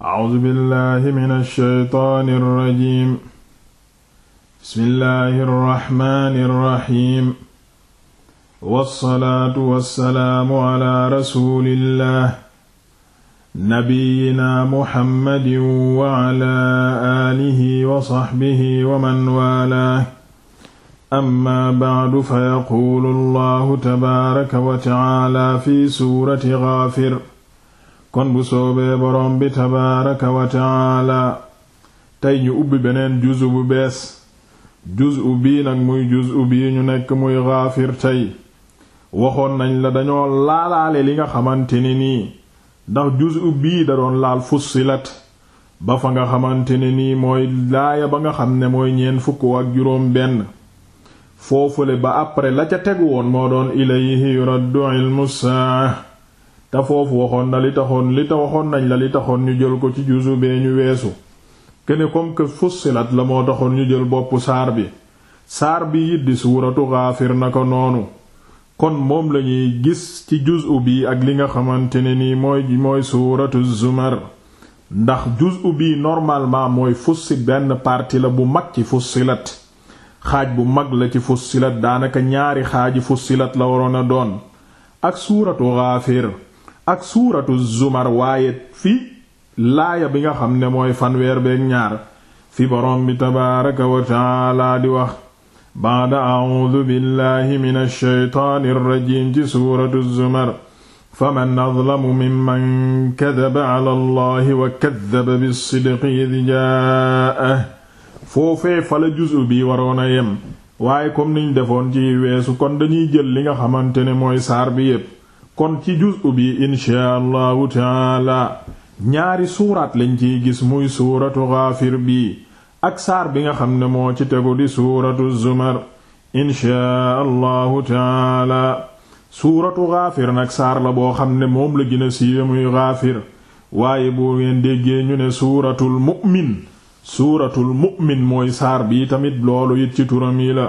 A'uuzu billaahi mina shaytaani rajiim. Bismillaahi rahmaani rahiim. Wassalaatu wassalaamu alaa rasuulillaah. Nabiyyinaa Muhammadin wa alaa aalihi wa sahbihi wa man waalaah. Amma ba'du fayaquulu Allaahu tabaaraka wa ta'aalaa fi suurati Ghaafir. kon bu soobee boroom bi tabaaraka wa tey ñu ubbi beneen juzu bu bees juzu bii nag muy juzu bii ñu nekk muy Gaafir tey waxoon nañ la dañoo laalaale li nga xamante ne nii ndax juzu bii da doon laal fussilat ba fa nga xamante ne nii mooy laaya ba nga xam ne mooy ñeent fukk ak juróom benn foofule ba après la ca tegu woon moo doon ilayhi yuraddu ilmu saa te foofu waxoon na li taxoon li ta waxoon nañ la li taxoon ñu jël ko ci juzu bee ñu weesu kene comme que silat la moo taxoon ñu jël boppu saar bi saar bi it di suuratu Gaafir naka noonu kon moom lañuy gis ci juzu bi ak li nga xamante ne nii mooy mooy suuratu Zumar ndax juzu bi normalement mooy fussi benn partie la bu mag ci silat xaaj bu mag la ci fussilat daanaka ñaari xaaji fussilat la waroon a doon ak suuratu Gaafir ak suuratu zumar waaye fi laaya bi nga xam ne mooy fanweer beeg ñaar fi boroom bi tabaaraka wa taala di wax a audu billahi min alsheytaani irrajim ci suuratu zumar faman adlamu mimman kadaba ala allahi wa kadaba bisidqi id jaa'ah bi waroon a yem waaye comme niñ defoon ci weesu kon dañuy jël li nga xamante ne mooy saar bi yépp kon ci juz'u bi inshaa allahu taala ñaari suuraat lañ ciy gis muy suuratu Gaafir bi ak saar bi nga xam ne moo ci tegu di suuratu Zumar inshaa allahu taala suuratu Gaafir nag saar la boo xam ne moom la gën a siiwe muy Gaafir waaye boo ngeen déggee ñu ne suuratul mu'min suuratul mu'min mooy saar bi tamit loolu it ci turam la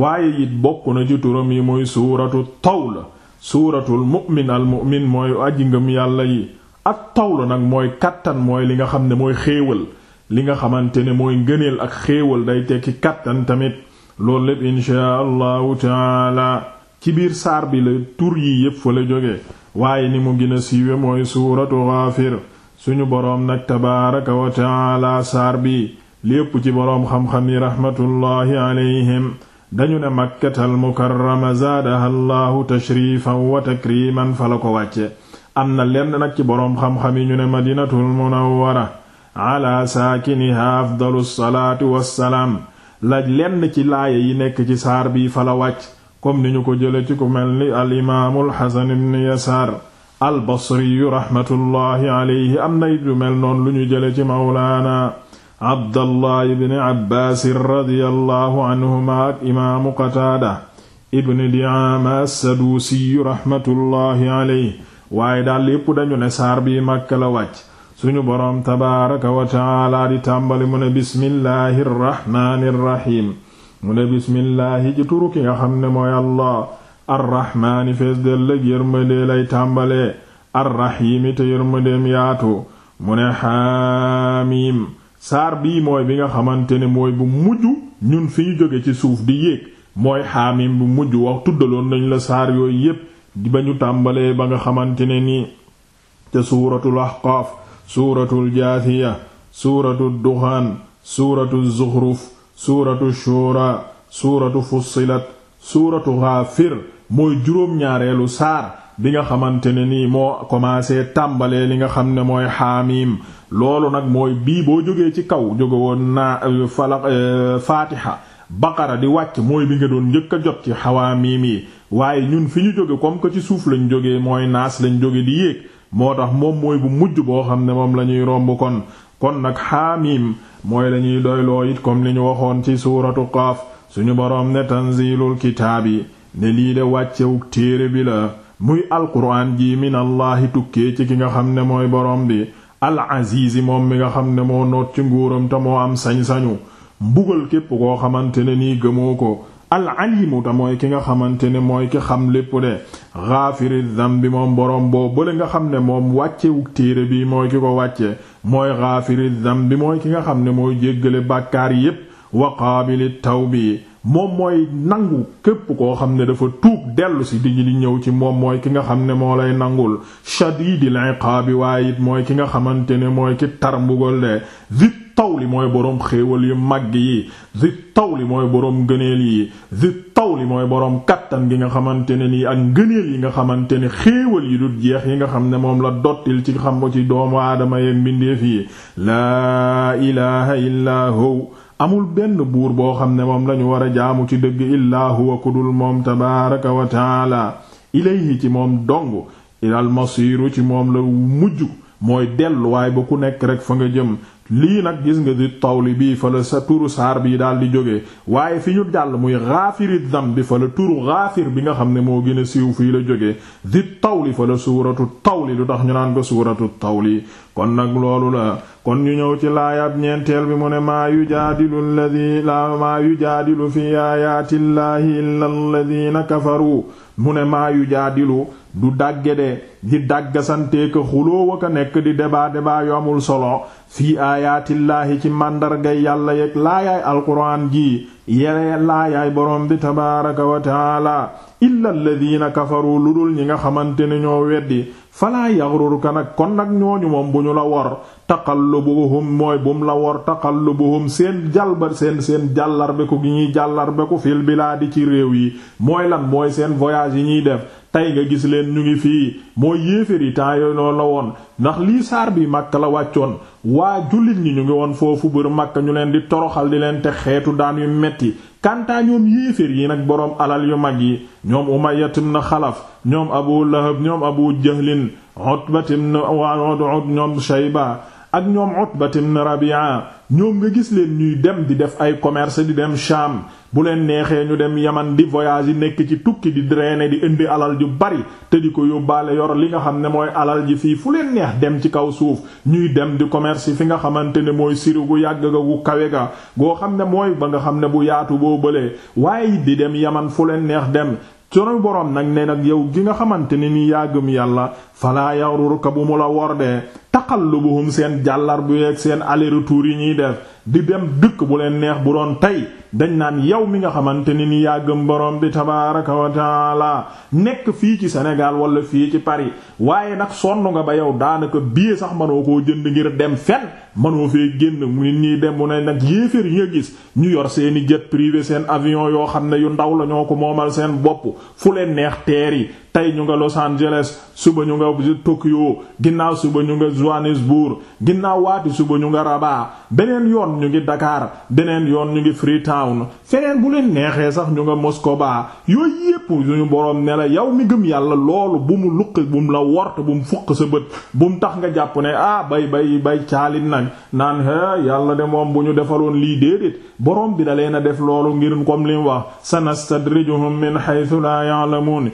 waaye it bokk na ci turam yi muy suuratu Tawla suuratul mu'min al mu'min mooy aji ngëm yàlla yi ak tawlu nag mooy kàttan mooy li nga xam ne mooy xéewal li nga xamante ne mooy ngëneel ak xéewal day tekki kàttan tamit loolu lépp inchaa allahu taala ci biir saar bi la tur yi yépp fa la jóge waaye ni mu gën a siiwe mooy suuratu Gaafir suñu boroom nag tabaaraka wa taala saar bi lépp ci boroom xam-xam yi raxmatullaahi alayhim dañu ne makkata almukarrama zaadaha allahu tashrifan wa takriman fala ko wàcce am na lenn nag ci boroom xam-xam yi ñu ne madinatul munawwara ala saakiniha afdalu salaati wassalaam la lenn ci laaya yi nekk ci saar bi fa la wàcc comme ni ñu ko jële ci ku mel ni al imaamul xasan ibn yasaar al basriyu am na it lu mel noon lu ñu jële ci mawlaana abdallah ibni abbaasin radiyallahu anhuma ak imaamu qataada ibni diaama assaduusiyu raxmatullaahi aley waaye daal yépp dañu ne saar bi màkka la wàcc suñu boroom tabaaraka wa taala di tàmbali mu bismillaahi rraxmaani rraxiim mu ne ne mooy allah fees del lëg lay tàmbalee arraxiimi te yërmandeem yaatu mu xaamiim saar bii mooy bi nga xamante ne mooy bu mujj ñun fi ñu jóge ci suuf di yéeg mooy xaamin bu mujj wax tuddaloon nañ la saar yooyu yépp di ba ñu tàmbalee ba nga xamante ne nii te suuratul ahqaaf suuratul jaasiya suuratu duxaan suuratul zuxruf suuratu shura suuratu fussilat suuratu xaafir mooy juróom-ñaareelu saar bi nga xamante ne nii moo commencé tàmbalee li nga xam ne mooy xaamiim loolu nag mooy bii boo jógee ci kaw jóge woon naa euh, falaq euh, faatiha baqara di wàcc mooy bi nga doon njëkk a jot ci xawaamiim yi waaye ñun fi ñu jóge comme que ci suuf lañ jógee mooy naas lañ jóge di yéeg moo tax moom mooy bu mujj boo xam ne moom la ñuy romb kon kon nag xaamiim mooy lañuy ñuy doyloo comme li ñu waxoon ci suuratu qaaf suñu boroom ne tanziilul yi ne lii de wàccewu téere bi la muy alquraan ji minallaahi tukkee ci ki nga xam ne mooy borom bi al-azizi moom mi nga xam ne moo noot ci nguuram te moo am sañ-sañu mbugal képp koo xamante ne nii gëmoo ko al-alimu te mooy ki nga xamante ne mooy ki xam lépp de gaafiri bi moom boroom boo bële nga xam ne moom wàccewu téere bi mooy ki ko wàcce mooy gaafiri bi mooy ki nga xam ne mooy jéggale bàkkaar yépp wa taw bii moom mooy nangu képp koo xam ne dafa tuub dellu si di di ñëw ci moom mooy ki nga xam ne moo lay nangul shadidil iqaabi waaye it mooy ki nga xamante ne mooy ki tar mbugal de zit mooy boroom xéewal yu mag yi zit li mooy boroom gëneel yi zit li mooy boroom kattan gi nga xamante ne nii ak ngëneel yi nga xamante ne xéewal yi du jeex yi nga xam ne moom la dottil ci xam ko ci doomu aadama yeen mbindeef yi laa ilaha illaa amul benn buur boo xam ne moom lañu war a jaamu ci dëgg illaa huwa dul moom tabaaraka wa taala ilayhi ci moom dong ilal masiiru ci moom la mujj mooy delluwaay ba ku nekk rek fa nga jëm lii nag gis nga di tawli bii fa la sa turu saar bii daal di jóge waaye fi ñu jàll muy xaafiri dam bi fa la turu xaafir bi nga xam ne moo gën a siiw fii la jógee di tawli fa la suuratu tawli lu tax ñu naan ko suuratu tawli kon nag loolu la kon ñu ñëw ci laayab ñeenteel bi mu ne maa yujaadilu alladi la maa yujaadilu fi aayaati llaahi illa alladina kafaru mu ne maa yujaadilu du dàgge de di dàggasanteeka xulóowa ka nekk di débat débat yu amul solo fii aayaatillaahi ci màndargay yàlla yeg laayaay alquraan ji yere laayaay borom bi tabaaraka wa taala illa alladhina kafaru lu dul ñi nga xamante ne ñoo weddi falaa yaghruruka nag kon nag ñooñu moom bu ñu la wor taqallubuhum mooy bum la wor taqallubuhum seen jalbat seen seen jàllarbeku gi ñuy jàllarbeku fil di ci réew yi mooy lan mooy seen voyage yi ñuy def tey nga gis leen ñu ngi fii mooy yéeféer yi temps la woon ndax lii saar bi Makka la wàccoon waa jullit ñi ñu ngi woon foofu bër Makka ñu leen di toroxal di leen te xeetu daan yu metti kantaa ñoom yéeféer yi nag boroom alal yu mag yi ñoom Umayyat na Xalaf ñoom Abu Lahab ñoom Abu Jahlin Utbat ibn Wa'ud ñoom Shayba ak ñoom Utbat ibn Rabi'a ñoom nga gis leen ñuy dem di def ay commerce di dem Sham bu leen neexee ñu dem Yaman di voyage yi nekk ci tukki di drainer di indi alal ju bari te di ko yóbbaale yor li nga xam ne mooy alal ji fii fu leen neex dem ci kaw suuf ñuy dem di commerce yi fi nga xamante ne mooy siru gu yàgg ga gu kawe ga goo xam ne mooy ba nga xam ne bu yaatu boo bëlee waaye di dem Yaman fu leen neex dem sunu borom nag ne nag yow gi nga xamante ne ni yàggum yàlla falaa yaghrurka bu mu la wor de taqallubuhum seen jàllar bu yeeg seen aller yi ñuy def di dem dëkk bu leen neex bu doon tey dañ naan yow mi nga xamante ni ni yàggam borom bi tabaaraka nekk fii ci senegal wala fii ci Paris waaye nag sonn nga ba yow daanaka billet sax mënoo koo jënd ngir dem fen mënoo fee génn nit ñi dem mu ne nag yéeféer yi nga gis ñu yor seeni jet privé seen avion yoo xam ne yu ndaw la ñoo ko moomal seen bopp fu leen neex teer yi tey ñu nga Los Angeles suba ñu nga Tokyo ginnaaw suba ñu nga Johannesburg ginnaaw waati suba ñu nga Rabat beneen yoon ñu ngi dakaar beneen yoon ñu ngi Freetown feneen bu leen neexee sax ñu nga Moskoba yooyu yépp suñu boroom ne la yow mi gëm yàlla loolu bu mu luq bu mu la wort bu mu fuq sa bët bu mu tax nga jàpp ne ah bay bay bay caalit nag naan é yàlla de moom bu ñu defaloon lii déedéet boroom bi da leen a def loolu ngir kom li mu wax sanastadrijuhum min haythu la ya'lamun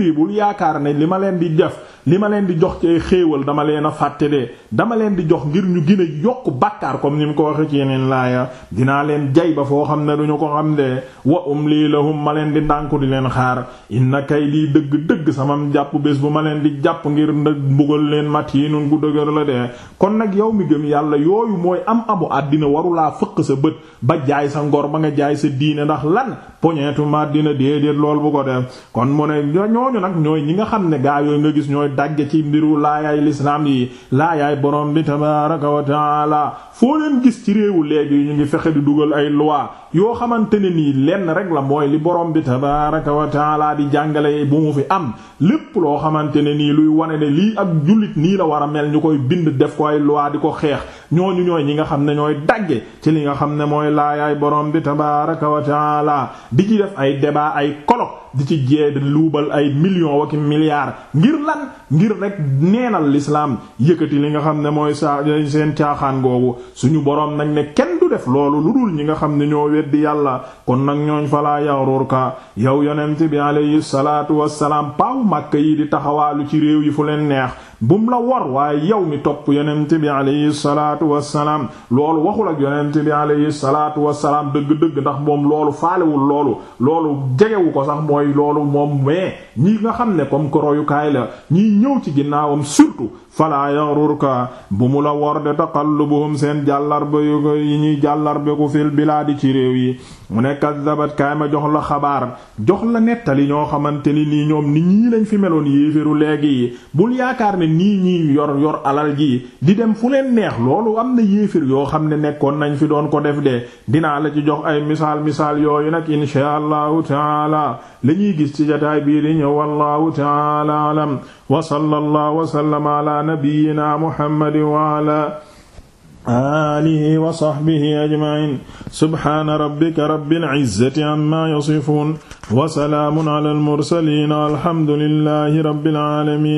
yéeféer yi yaakaar ne li ma leen di jaf li ma leen di jox ci xéewal dama leen a fàtte de dama leen di jox ngir ñu gën a yokk bàkkaar comme ni mu ko waxe ci yeneen laaya dinaa leen jay ba foo xam ne duñu ko xam de wa umli lahum ma leen di ndànku di leen xaar inna kay lii dëgg-dëgg samam jàpp bés bu ma leen di jàpp ngir nag mbugal leen mat matiinun gu dëgër la de kon nag yow mi gëm yàlla yooyu mooy am amu àddina warulaa fëq sa bët ba jaay sa ngor ba nga jaay sa diine ndax lan poñeetu Madina déedéet lool bu ko def kon mu ne ñooñu nag ñooy ñi nga xam ne gaa yooyu nga gis ñooy dagge ci mbiru laayaay lislaam yi laayaay borom bi tabaaraka wa taala foo leen gis ci réewu léegi ñu ngi fexe di dugal ay loi yoo xamante ne nii lenn rek la mooy li borom bi tabaaraka wa taala di jàngale bu mu fi am lépp loo xamante ne nii luy wane ne lii ak jullit nii la war a mel ñu koy bind def ko ay loi di ko xeex ñooñu ñooy ñi nga xam ne ñooy dagge ci li nga xam ne mooy laayaay boroom bi tabaaraka wa taala di ci def ay débat ay colloque di ci jee luubal ay millions waki milliards ngir lan ngir rek neenal l'islam yëkkati li nga xam ne mooy saa seen caaxaan googu suñu boroom nañ ne kenn du def loolu lu dul ñi nga xam ne ñoo wedd yàlla kon nag ñooñ falaa ka yow yonent bi alayhi salaatu salaam paaw màkk yi di taxawaalu ci réew yi fu leen neex bu mu la war waaye yow mi topp yonent bi alayhi salaatu salaam loolu waxul ak yonent bi alayhi salaatu salaam dëgg-dëgg ndax moom loolu faalewul loolu loolu jegewu ko sax mooy loolu moom mais ñi nga xam ne comme ko royukaay la ñiy ñëw ci ginnaawam surtout falaa ka bu mu la wor de taqallubuhum seen jàllarbe yu ko yi ñuy jàllarbe ku fil bilaadi ci réew yi mu nekk kaddabat kaay ma jox la xabaar jox la nettali ñoo xamante ni nii ñoom nit ñi lañ fi meloon yéeféru léegi yi bul yaakaar ne nii ñii yor yor alal ji di dem fu leen neex loolu am na yéefér yoo xam ne nekkoon nañ fi doon ko def de dinaa la ci jox ay misaal misaal yooyu nag inshaa allahu taala la ñuy gis ci jataay bii di ñëw wallahu taala alam wa sallallahu wa nabiyyina muhammadin wa ala alihi wa sahbihi ajma'in subhana rabbika rabbil izzati amma yasifun wa salaamun ala al mursalin alhamdulillahi rabbil alamin